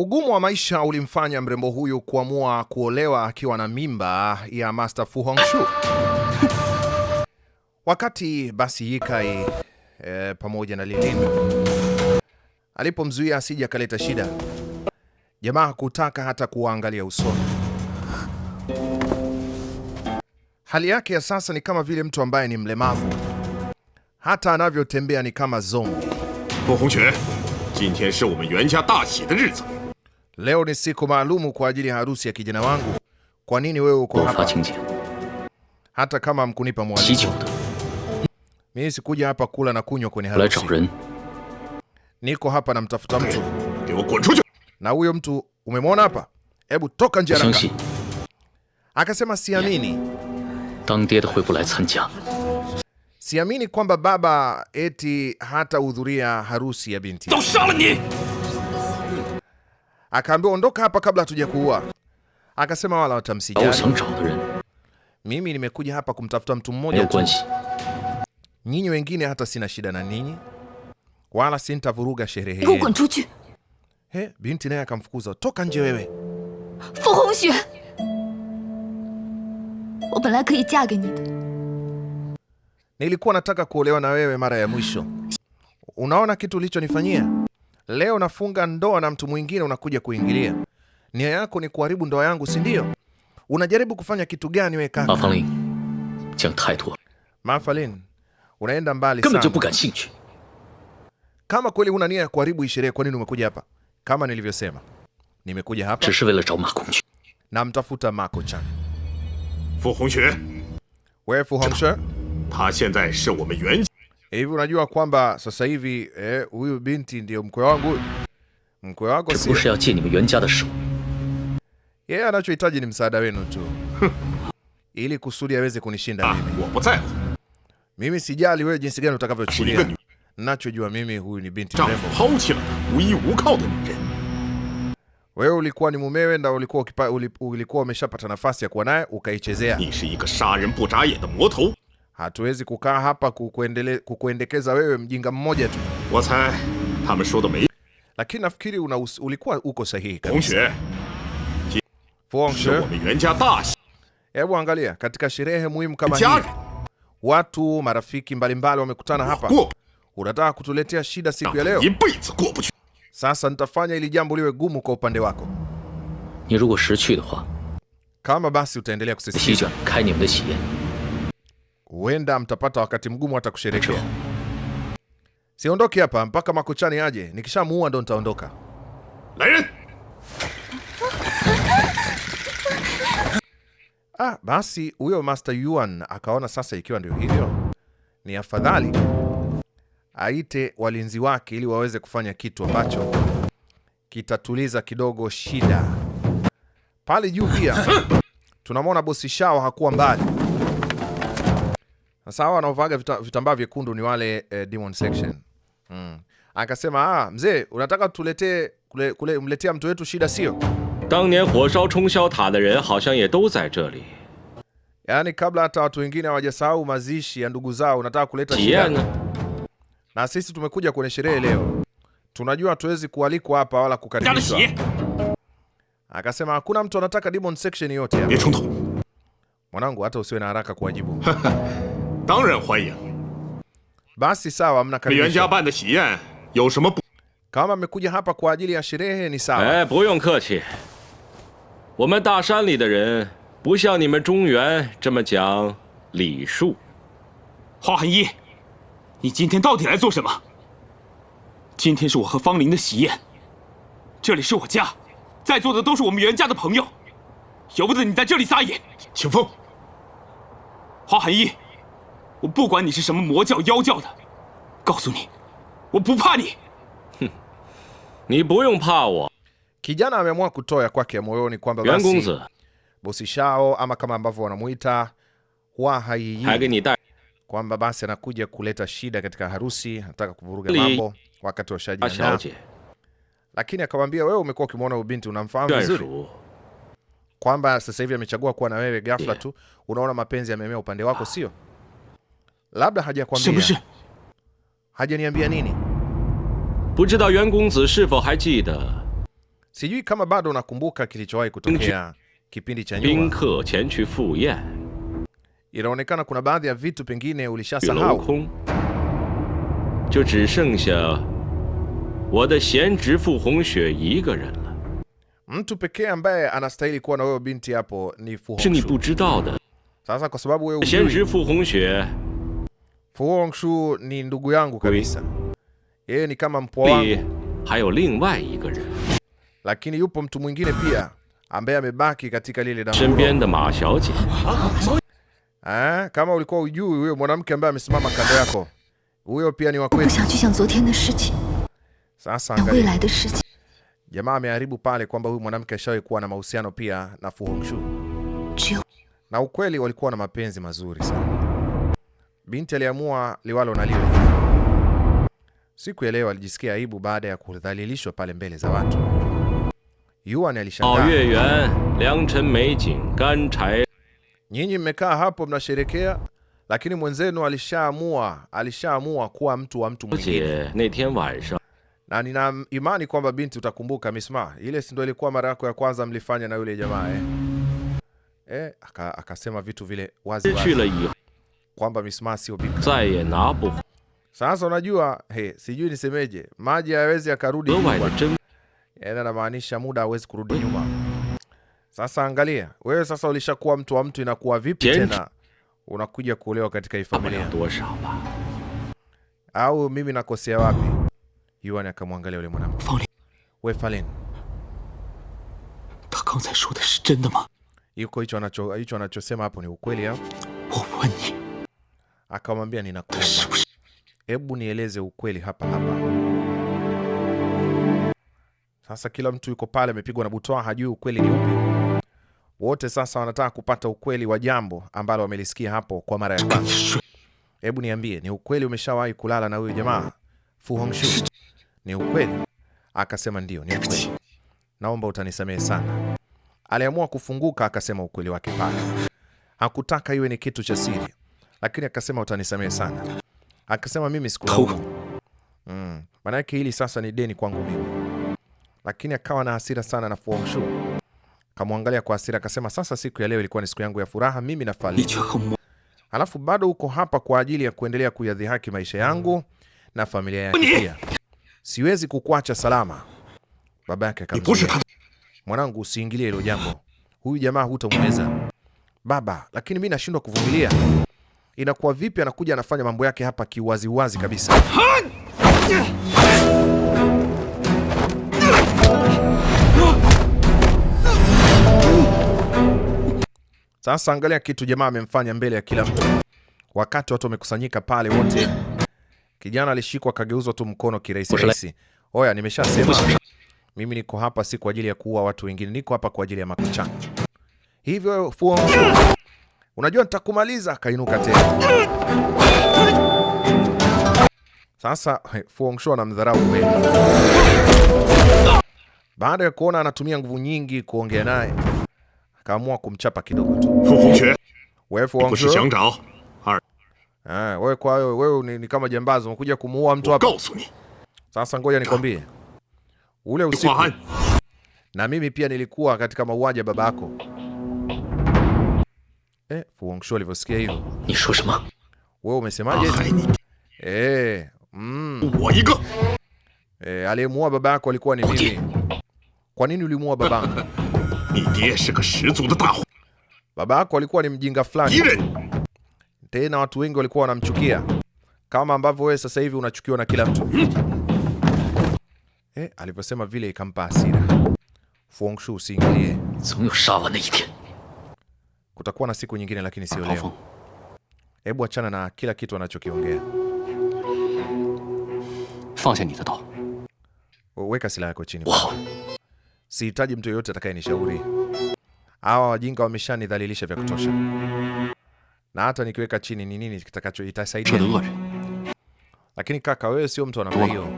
Ugumu wa maisha ulimfanya mrembo huyu kuamua kuolewa akiwa na mimba ya Master Fu Hongxue. Wakati basi Ye Kai e, pamoja na Lilin alipomzuia asije akaleta shida, jamaa kutaka hata kuwaangalia usoni. Hali yake ya sasa ni kama vile mtu ambaye ni mlemavu, hata anavyotembea ni kama zombi. Fu Hongxue, jintian shi yuan jia da xi de rizi Leo ni siku maalumu kwa ajili ya harusi ya kijana wangu. Kwa nini wewe uko hapa? Hata kama mkunipa mwaliko. Mimi sikuja hapa kula na kunywa kwenye harusi. Niko hapa namtafuta mtu. Na huyo mtu umemwona hapa? Hebu toka nje haraka. Akasema siamini. Siamini kwamba baba eti hata hudhuria harusi ya binti akaambiwa ondoka hapa kabla hatuja kuua Akasema wala watamsijali, mimi nimekuja hapa kumtafuta mtu mmoja tu, nyinyi wengine hata sina shida na ninyi, wala sintavuruga sherehe He, binti naye akamfukuza, toka nje wewe. nilikuwa nataka kuolewa na wewe mara ya mwisho, unaona kitu ulichonifanyia? leo nafunga ndoa na mtu mwingine, unakuja kuingilia. Nia yako ni kuharibu ndoa yangu, si ndio? Unajaribu kufanya kitu gani wewe kaka? Ma Fangling, Ma Fangling, unaenda mbali sana. Kama kweli una nia ya kuharibu hii sherehe, kwa nini umekuja hapa? Kama nilivyosema, nimekuja hapa na mtafuta Ma Kongqun. Fu Hongxue, wewe Fu Hongxue, ta xiandai shi wo men yuan Eh, hivi unajua kwamba sasa hivi eh, huyu binti ndio mkwe wangu. Mkwe wako si chini shu. yeye, anachohitaji ni msaada wenu tu ili kusudi aweze kunishinda ah, mimi. Mimi sijali wewe jinsi gani utakavyochukulia, Ninachojua mimi huyu ni binti mrembo. Wewe ulikuwa ni mumewe na ulikuwa, ulikuwa umeshapata nafasi ya kuwa naye ukaichezea hatuwezi kukaa hapa kukuendele, kukuendekeza wewe mjinga mmoja tu. Lakini nafikiri ulikuwa uko sahihi kabisa. Hebu angalia katika sherehe muhimu kama hii, watu marafiki mbalimbali wamekutana hapa. Unataka kutuletea shida siku ya leo? Sasa nitafanya ili jambo liwe gumu kwa upande wako. Kama basi utaendelea kusisitiza huenda mtapata wakati mgumu hata kusherekea. Siondoki hapa mpaka Makuchani aje, nikishamuua ndo nitaondoka. Ah, basi huyo Master Yuan akaona sasa, ikiwa ndio hivyo, ni afadhali aite walinzi wake ili waweze kufanya kitu ambacho kitatuliza kidogo shida pale juu. Pia tunamwona bosi Shao hakuwa mbali sawa, hawa wanaovaga vitambaa vyekundu ni wale eh, demon section. Mm. Akasema ah, mzee unataka tuletee kule, kule mletea mtu wetu shida sio? yani kabla hata watu wengine hawajasahau mazishi ya ndugu zao unataka kuleta shida. Na sisi tumekuja kwenye sherehe leo. Tunajua hatuwezi kualikwa hapa wala kukaribishwa. Akasema hakuna mtu anataka demon section yote hapa. Mwanangu hata usiwe na haraka kuwajibu. 当然欢迎。袁家办的喜宴有什么不？哎，不用客气。我们大山里的人不像你们中原这么讲礼数。花寒衣，你今天到底来做什么？今天是我和方林的喜宴，这里是我家，在座的都是我们袁家的朋友，由不得你在这里撒野。清风，花寒衣。我不管你是什么魔教、妖教的，告诉你，我不怕你。哼，你不用怕我。Kijana ameamua kutoa kwake moyoni kwamba basi bosi Shao ama kama ambavyo wanamuita wa haiyi kwamba basi anakuja kuleta shida katika harusi, anataka kuvuruga mambo wakati wa shaji, lakini akamwambia wewe umekuwa ukimwona ubinti unamfahamu vizuri kwamba sasa hivi amechagua kuwa na wewe, ghafla tu unaona mapenzi yamemea upande wako, ah. sio? labda hajakwambia. Hajaniambia nini? Sijui kama bado unakumbuka kilichowahi kutokea kipindi cha nyuma. Inaonekana kuna baadhi ya vitu pengine ulishasahau. Mtu pekee ambaye anastahili kuwa na wewe binti hapo ni Fu Hongxue. Sasa kwa sababu wewe Fu Hongxue ni ndugu yangu kabisa, yeye ni kama mpwa wangu, lakini yupo mtu mwingine pia ambaye amebaki katika lile damu. Ah, kama ulikuwa ujui, huyo mwanamke ambaye amesimama kando yako, huyo pia ni wa kwetu. Sasa angalia, jamaa ameharibu pale kwamba huyu mwanamke ashawahi kuwa na mahusiano pia na Fu Hongxue, na ukweli walikuwa na mapenzi mazuri sana. Binti aliamua liwalo na liwe. Siku ya leo alijisikia aibu baada ya kudhalilishwa pale mbele za watu. Yuan alishangaa. Oh, Nyinyi mmekaa hapo mnasherekea, lakini mwenzenu alishaamua alishaamua kuwa mtu wa mtu mwingine. Na nina imani kwamba binti utakumbuka Misma, ile si ndio ilikuwa mara yako ya kwanza mlifanya na yule jamaa eh? Eh, akasema vitu vile wazi wazi kwamba mismaa sio bika. Sasa unajua he, sijui nisemeje, maji hayawezi yakarudi nyuma, yaani anamaanisha muda hawezi kurudi nyuma. Sasa angalia wewe, sasa ulishakuwa mtu wa mtu, inakuwa vipi tena unakuja kuolewa katika hii familia? Au mimi nakosea wapi? Yuan akamwangalia yule mwanamke, wewe Fallen, yuko hicho anachosema hapo ni ukweli hapo? Akamwambia, ninakuomba, hebu nieleze ukweli hapa hapa. Sasa kila mtu yuko pale amepigwa na butoa, hajui ukweli ni upi. Wote sasa wanataka kupata ukweli wa jambo ambalo wamelisikia hapo kwa mara ya kwanza. Hebu niambie, ni ukweli umeshawahi kulala na huyu jamaa Fu Hongxue? Ni ukweli? Akasema ndio, ni ukweli. Naomba utanisamehe sana. Aliamua kufunguka, akasema ukweli wake pale, hakutaka iwe ni kitu cha siri lakini akasema utanisamehe sana. Akasema mimi sikulaumu. Mm, maana yake hili sasa ni deni kwangu mimi. Lakini akawa na hasira sana na Fu Hongxue. Kamwangalia kwa hasira akasema sasa siku ya leo ilikuwa ni siku yangu ya furaha, mimi na nafariki. Alafu bado uko hapa kwa ajili ya kuendelea kuyadhihaki maisha yangu na familia yake pia. Siwezi kukuacha salama. Baba yake akamwambia, mwanangu, usiingilie hilo jambo. Huyu jamaa hutomweza. Baba, lakini mimi nashindwa kuvumilia inakuwa vipi, anakuja anafanya mambo yake hapa kiwaziwazi kabisa. Sasa angalia kitu jamaa amemfanya mbele ya kila mtu, wakati watu wamekusanyika pale wote. Kijana alishikwa akageuzwa tu mkono kirahisi rahisi. Oya, nimeshasema mimi niko hapa si kwa ajili ya kuua watu wengine, niko hapa kwa ajili ya makucha. Hivyo fuo unajua nitakumaliza. Akainuka tena. Sasa Fu Hongxue anamdharau kweli. Baada ya kuona anatumia nguvu nyingi kuongea naye, akaamua kumchapa kidogo tu. Wewe Fu Hongxue, ah, wewe kwa hiyo wewe ni, ni kama jambazi umekuja kumuua mtu hapa. Sasa ngoja nikwambie. Ule usiku na mimi pia nilikuwa katika mauaji ya babako. Eh, Fu Hongxue alivyosikia hivyo. Wewe umesemaje? Eh, mm. Eh, aliyemuua babako alikuwa ni mimi. Kwa nini ulimuua babangu? Babako alikuwa ni mjinga fulani. Tena watu wengi walikuwa wanamchukia kama ambavyo wewe eh, sasa hivi unachukiwa na kila mtu. Hmm. Eh, alivyosema vile ikampa hasira. Fu Hongxue usiingilie. Kutakuwa na siku nyingine, lakini sio ah, leo. Hebu achana na kila kitu anachokiongea. Weka silaha yako chini. Sihitaji mtu yoyote atakayenishauri. Hawa wajinga wameshanidhalilisha vya kutosha, na hata nikiweka chini ni nini kitakacho itasaidia? Lakini kaka, wewe sio mtu wa namna hiyo.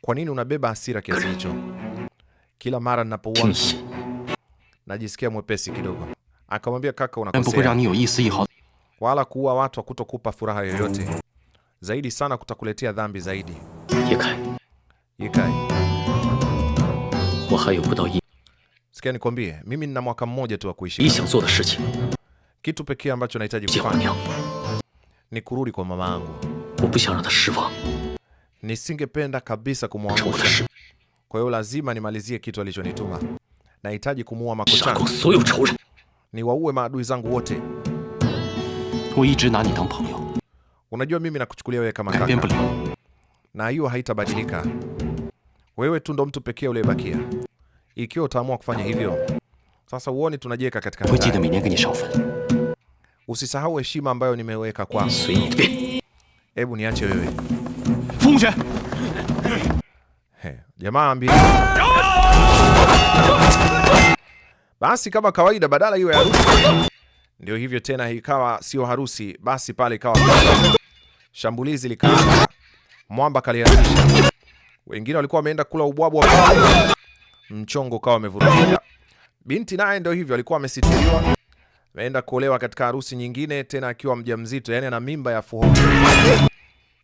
Kwa nini unabeba hasira kiasi hicho? Kila mara ninapouona najisikia mwepesi kidogo. Akamwambia kaka, unakosea. Wala kuua watu hakutokupa furaha yoyote, zaidi sana kutakuletea dhambi zaidi. Sikia nikwambie, mimi nina mwaka mmoja tu wa kuishi. Kitu pekee ambacho nahitaji kufanya ni kurudi kwa mama yangu. Nisingependa kabisa kumwangusha, kwa hiyo lazima nimalizie kitu alichonituma. Nahitaji kumuua makocha ni waue maadui zangu wote. Unajua mimi nakuchukulia wewe kama kaka, na hiyo haitabadilika. Wewe tu ndo mtu pekee uliyebakia. Ikiwa utaamua kufanya hivyo, sasa uone tunajiweka katika Usisahau heshima ambayo nimeweka kwako. Hebu niache wewe. jamaa ambi. Oh! Basi kama kawaida, badala iwe harusi, ndio hivyo tena, ikawa sio harusi. Basi pale ikawa shambulizi likaanza, mwamba kalianzisha, wengine walikuwa wameenda kula ubwabwa, mchongo kawa amevurugika. Binti naye ndio hivyo, alikuwa amesitiriwa, ameenda kuolewa katika harusi nyingine, tena akiwa mjamzito, yani ana mimba ya fuho.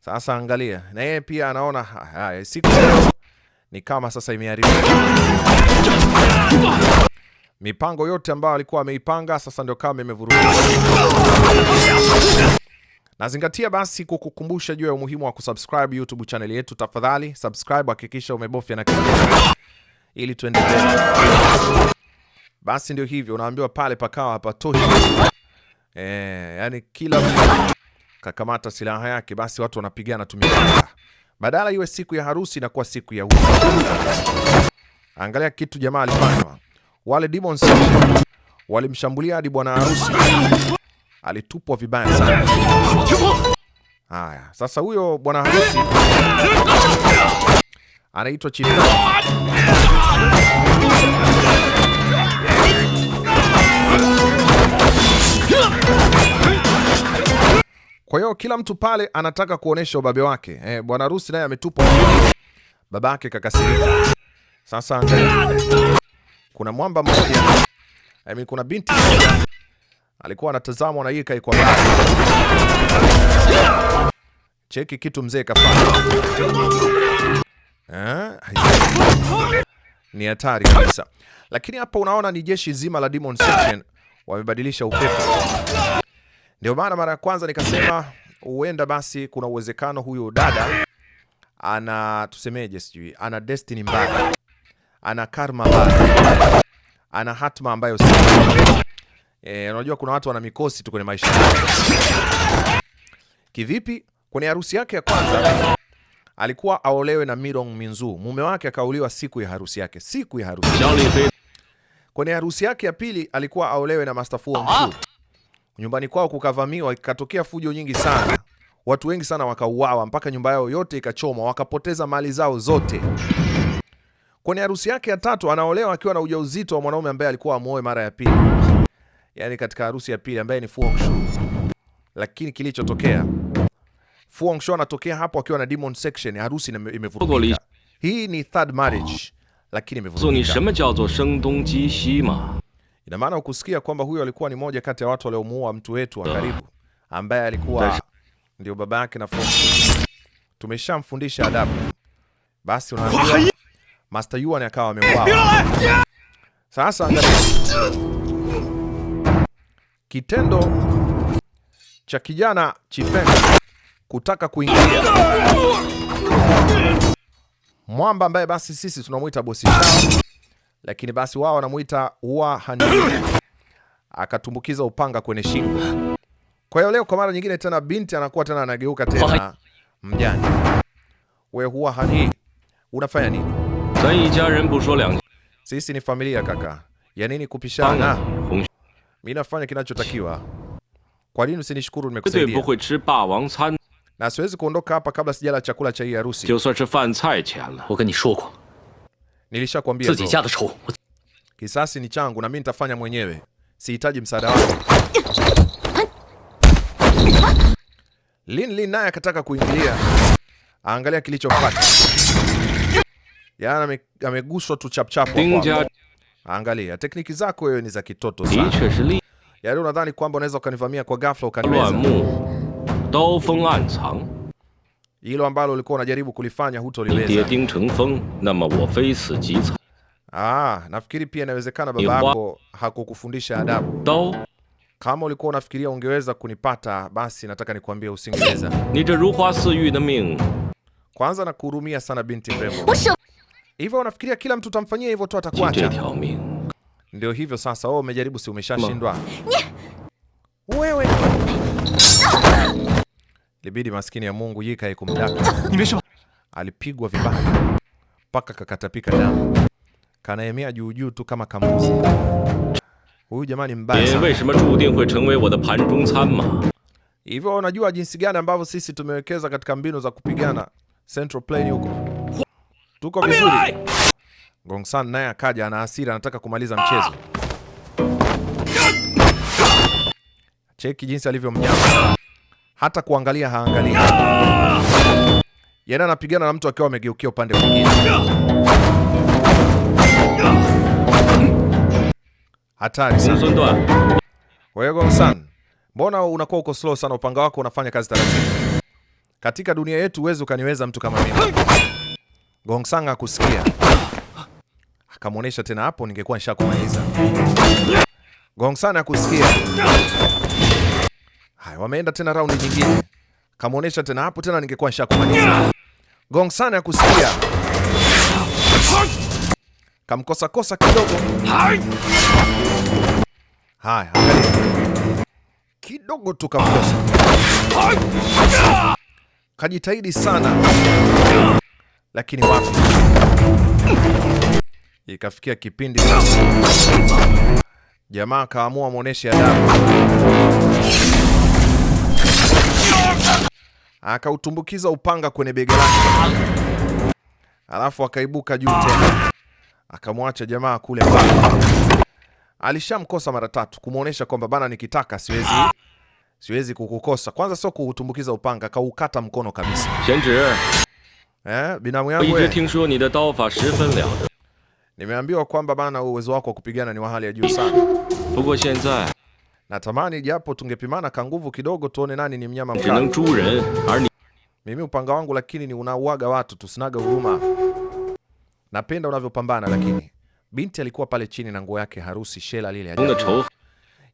Sasa angalia, na yeye pia anaona haya siku ni kama sasa imeharibika mipango yote ambayo alikuwa ameipanga sasa ndio kama imevurugika. Nazingatia basi kukukumbusha juu ya umuhimu wa kusubscribe YouTube channel yetu. Tafadhali subscribe, hakikisha umebofya na kengele ili tuendelee. Basi ndio hivyo, unaambiwa pale pakawa hapa hapatoshi. Eh, yani kila kakamata silaha yake, basi watu wanapigana tu mipaka. Badala iwe siku ya harusi na kuwa siku ya uzi. Angalia kitu jamaa alifanya wale demons walimshambulia hadi bwana harusi alitupwa vibaya sana. Haya, sasa huyo bwana harusi anaitwa chini kwa hiyo kila mtu pale anataka kuonesha ubabe wake. Eh, bwana harusi naye ametupwa, babake kakasirika. Sasa angalia kuna mwamba mmoja I mean, kuna binti mmoja alikuwa anatazamwa na yeye kai Cheki kitu mzee kafanya. eh, ni hatari kabisa. Lakini hapa unaona ni jeshi zima la Demon Section wamebadilisha upepo. Ndio maana mara ya kwanza nikasema huenda basi kuna uwezekano huyo dada ana tusemeje, sijui ana destiny mbaya ana karma mbaya, ana hatma ambayo si eh. unajua kuna watu wana mikosi tu kwenye maisha kivipi? Kwenye harusi yake ya kwanza alikuwa aolewe na Mirong Minzu, mume wake akauliwa siku ya harusi yake, siku ya harusi. Kwenye harusi yake ya pili alikuwa aolewe na Master Fu Hongxue. Nyumbani kwao kukavamiwa, ikatokea fujo nyingi sana, watu wengi sana wakauawa, mpaka nyumba yao yote ikachomwa, wakapoteza mali zao zote. Kwenye harusi yake ya tatu anaolewa akiwa na ujauzito wa mwanaume ambaye alikuwa amuoe mara ya pili, yani katika harusi ya pili ambaye ni Fu Hongxue. Lakini kilichotokea, Fu Hongxue anatokea hapo akiwa na demon section, harusi imevurugika. Hii ni third marriage, lakini imevurugika. Ina maana ukusikia kwamba huyo alikuwa ni moja kati ya watu waliomuua mtu wetu wa ah. karibu ambaye alikuwa ndio baba yake na Fu Hongxue. Tumeshamfundisha adabu, basi unaambiwa Master Yuan akawa ameuawa. Sasa kitendo cha kijana Chifeng kutaka kuingia mwamba ambaye basi sisi tunamwita bosi wao, lakini basi wao wanamuita Hua Hanyi, akatumbukiza upanga kwenye shingo. Kwa hiyo leo kwa mara nyingine tena binti anakuwa tena anageuka tena mjani Wewe Hua Hanyi unafanya nini? Sisi ni familia kaka, ya nini kupishana? Mimi nafanya kinachotakiwa. Kwa nini usinishukuru nimekusaidia? Na siwezi kuondoka hapa kabla sijala chakula cha hii harusi. Nilishakwambia. Kisasi ni changu na mimi nitafanya mwenyewe. Sihitaji msaada wako. Lin Lin naye akataka kuingilia. Angalia kilichofuata. Yaani ameguswa tu chapchapo. Angalia, tekniki zako wewe ni za kitoto sana. Yaani unadhani kwamba unaweza ukanivamia kwa ghafla ukaniweza? Hilo ambalo ulikuwa unajaribu kulifanya hutoliweza. Ah, nafikiri pia inawezekana baba yako hakukufundisha adabu. Kama ulikuwa unafikiria ungeweza kunipata, basi nataka nikwambie usingeweza. Kwanza nakuhurumia sana binti mrembo. Hivyo unafikiria kila mtu utamfanyia hivyo tu atakuacha? Ndio hivyo sasa, wewe umejaribu, si umeshashindwa wewe? Ah! Libidi maskini ya Mungu Yika ikumdaka. Alipigwa vibaya mpaka kakatapika damu, kanaemea juu juu tu kama kamusi. Huyu jamaa ni mbaya sana. Hivyo unajua jinsi gani ambavyo sisi tumewekeza katika mbinu za kupigana Central Plain huko Tuko vizuri. Gongsan naye akaja ana hasira, anataka kumaliza mchezo. Cheki jinsi alivyo mnyama, hata kuangalia haangalia. Yana anapigana na mtu akiwa amegeukia upande mwingine. Hatari sana. Wewe Gongsan, mbona unakuwa uko slow sana? Upanga wako unafanya kazi taratibu. Katika dunia yetu huwezi ukaniweza mtu kama mimi. Gongsang akusikia, akamwonyesha tena. Hapo ningekuwa nishakumaliza. Gongsang akusikia. Haya, wameenda tena raundi nyingine, kamwonyesha tena. Hapo tena ningekuwa nishakumaliza. Gongsang akusikia, kamkosa kosa kidogo. Haya, kidogo tu kamkosa, kajitahidi sana lakini wapi, ikafikia kipindi jamaa akaamua mwoneshe adabu, akautumbukiza upanga kwenye bega lake, alafu akaibuka juu tena, akamwacha jamaa kule mbali. Alishamkosa mara tatu kumwonyesha kwamba bana, nikitaka siwezi siwezi kukukosa. Kwanza sio kuutumbukiza upanga, akaukata mkono kabisa eh, binamu yangu nimeambiwa kwamba bana, uwezo wako wa kupigana ni wa hali ya juu sana. Natamani japo tungepimana ka nguvu kidogo, tuone nani ni mnyama mkali. Mimi upanga wangu lakini ni unauaga watu, tusinaga huruma. Napenda unavyopambana lakini binti alikuwa pale chini na nguo yake harusi shela lile ajabu.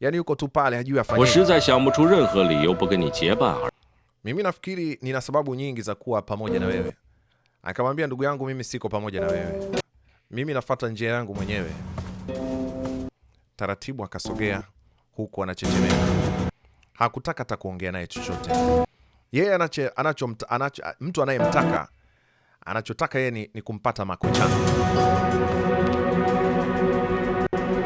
Yaani yuko tu pale hajui afanye. Mimi nafikiri nina sababu nyingi za kuwa pamoja na wewe. Akamwambia, ndugu yangu, mimi siko pamoja na wewe, mimi nafuata njia yangu mwenyewe. Taratibu akasogea huku anachechemea, hakutaka hata kuongea naye chochote. Yeye anacho, anacho, anacho, mtu anayemtaka anachotaka yeye ni, ni kumpata makocha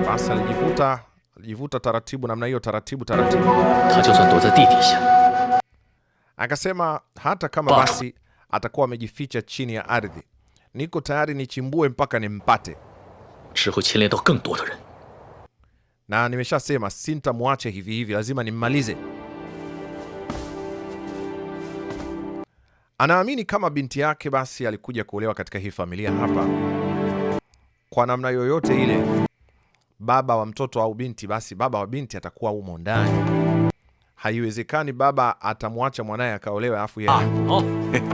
Basi alijivuta alijivuta taratibu namna hiyo taratibu taratibu, akasema hata kama basi atakuwa amejificha chini ya ardhi. Niko tayari nichimbue mpaka nimpate, na nimeshasema sintamwache hivi hivi, lazima nimmalize. Anaamini kama binti yake basi alikuja kuolewa katika hii familia hapa, kwa namna yoyote ile baba wa mtoto au binti, basi baba wa binti atakuwa umo ndani. Haiwezekani baba atamwacha mwanaye akaolewa afu yeye ah, oh.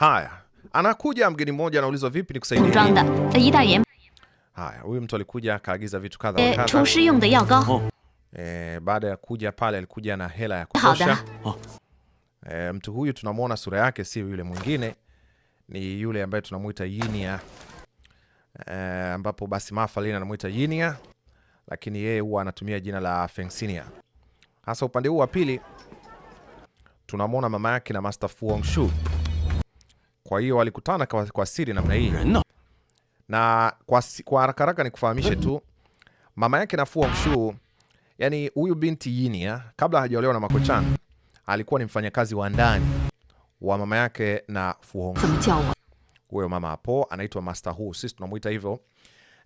Haya, anakuja mgeni mmoja anaulizwa, vipi ni nikusaidie? Haya, huyu mtu alikuja akaagiza vitu kadha eh, wa kadha. Oh. Eh, baada ya kuja pale alikuja na hela ya kutosha. Oh. Eh, mtu huyu tunamwona sura yake si yule mwingine, ni yule ambaye tunamuita Yinia. Eh, ambapo basi Ma Fangling anamuita Yinia, lakini yeye huwa anatumia jina la Fengxinia. Hasa upande huu wa pili tunamwona mama yake na Master Fu Hongxue. Kwa hiyo walikutana kwa, kwa siri namna hii no. Na kwa, kwa haraka haraka nikufahamishe tu mama yake na Nafua Mshuu, yani huyu binti Yinia eh, kabla hajaolewa na Mako-chan alikuwa ni mfanyakazi wa ndani wa mama yake na Fuhong. Huyo mama hapo anaitwa Master Hu, sisi tunamuita hivyo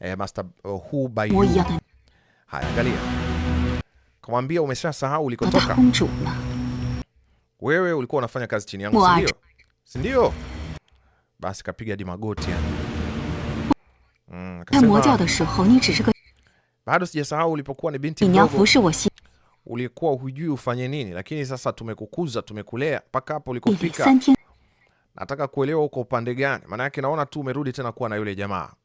eh, Master uh, Hu by Haya, angalia, kumwambia umeshasahau ulikotoka wewe, ulikuwa unafanya kazi chini yangu, si ndio? Si ndio? Basi kapiga hadi magoti mm, bado sijasahau ulipokuwa ni binti mdogo ulikuwa hujui ufanye nini, lakini sasa tumekukuza, tumekulea mpaka hapo ulikofika. Nataka kuelewa uko upande gani, maana yake naona tu umerudi tena kuwa na yule jamaa.